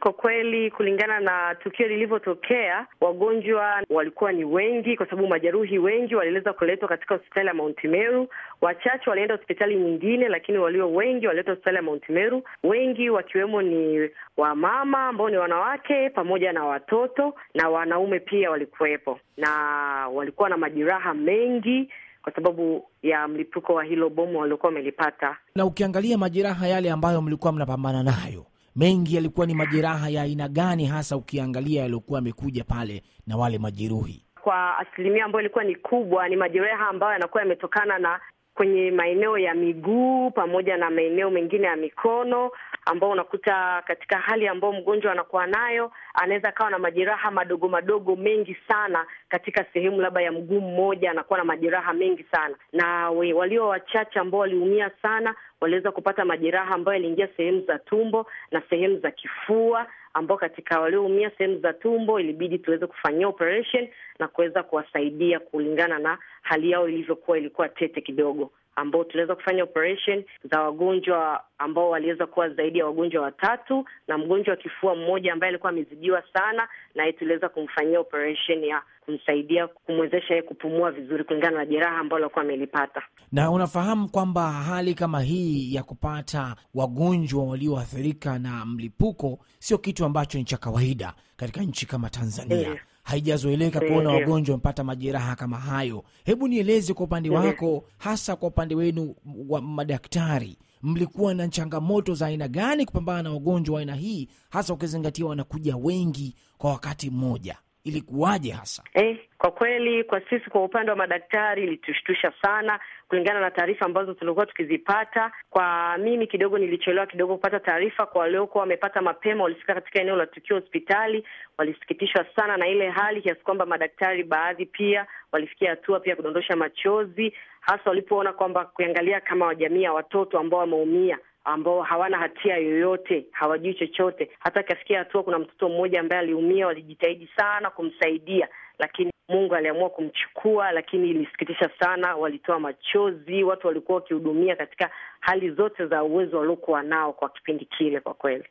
Kwa kweli, kulingana na tukio lilivyotokea, wagonjwa walikuwa ni wengi, kwa sababu majeruhi wengi waliweza kuletwa katika hospitali ya Mount Meru. Wachache walienda hospitali nyingine, lakini walio wengi waliletwa hospitali ya Mount Meru, wengi wakiwemo ni wamama ambao ni wanawake pamoja na watoto, na wanaume pia walikuwepo, na walikuwa na majeraha mengi kwa sababu ya mlipuko wa hilo bomu waliokuwa wamelipata. Na ukiangalia majeraha yale ambayo mlikuwa mnapambana nayo mengi yalikuwa ni majeraha ya aina gani hasa, ukiangalia yaliokuwa yamekuja pale na wale majeruhi? Kwa asilimia ambayo ilikuwa ni kubwa, ni majeraha ambayo yanakuwa yametokana na kwenye maeneo ya miguu pamoja na maeneo mengine ya mikono, ambao unakuta katika hali ambayo mgonjwa anakuwa nayo anaweza akawa na majeraha madogo madogo mengi sana katika sehemu labda ya mguu mmoja, anakuwa na majeraha mengi sana, na we, walio wachache ambao waliumia sana waliweza kupata majeraha ambayo yaliingia sehemu za tumbo na sehemu za kifua ambao katika walioumia sehemu za tumbo ilibidi tuweze kufanyia operation na kuweza kuwasaidia kulingana na hali yao ilivyokuwa, ilikuwa tete kidogo ambao tunaweza kufanya operation za wagonjwa ambao waliweza kuwa zaidi ya wagonjwa watatu na mgonjwa wa kifua mmoja ambaye alikuwa amezidiwa sana, naye tuliweza kumfanyia operation ya kumsaidia kumwezesha yeye kupumua vizuri kulingana na jeraha ambalo alikuwa amelipata. Na unafahamu kwamba hali kama hii ya kupata wagonjwa walioathirika na mlipuko sio kitu ambacho ni cha kawaida katika nchi kama Tanzania. Yeah haijazoeleka kuona wagonjwa wamepata majeraha kama hayo. Hebu nieleze kwa upande wako, hasa kwa upande wenu wa madaktari, mlikuwa na changamoto za aina gani kupambana na wagonjwa wa aina hii, hasa ukizingatia wanakuja wengi kwa wakati mmoja? ilikuwaje hasa? Eh, kwa kweli kwa sisi kwa upande wa madaktari ilitushtusha sana kulingana na taarifa ambazo tulikuwa tukizipata. Kwa mimi kidogo nilichelewa kidogo kupata taarifa. Kwa waliokuwa wamepata mapema, walifika katika eneo la tukio hospitali, walisikitishwa sana na ile hali, kiasi kwamba madaktari baadhi pia walifikia hatua pia kudondosha machozi, hasa walipoona kwamba kuangalia kama wajamii ya watoto ambao wameumia ambao hawana hatia yoyote, hawajui chochote. Hata ikafikia hatua kuna mtoto mmoja ambaye aliumia, walijitahidi sana kumsaidia, lakini Mungu aliamua kumchukua. Lakini ilisikitisha sana, walitoa machozi, watu walikuwa wakihudumia katika hali zote za uwezo waliokuwa nao kwa kipindi kile, kwa kweli.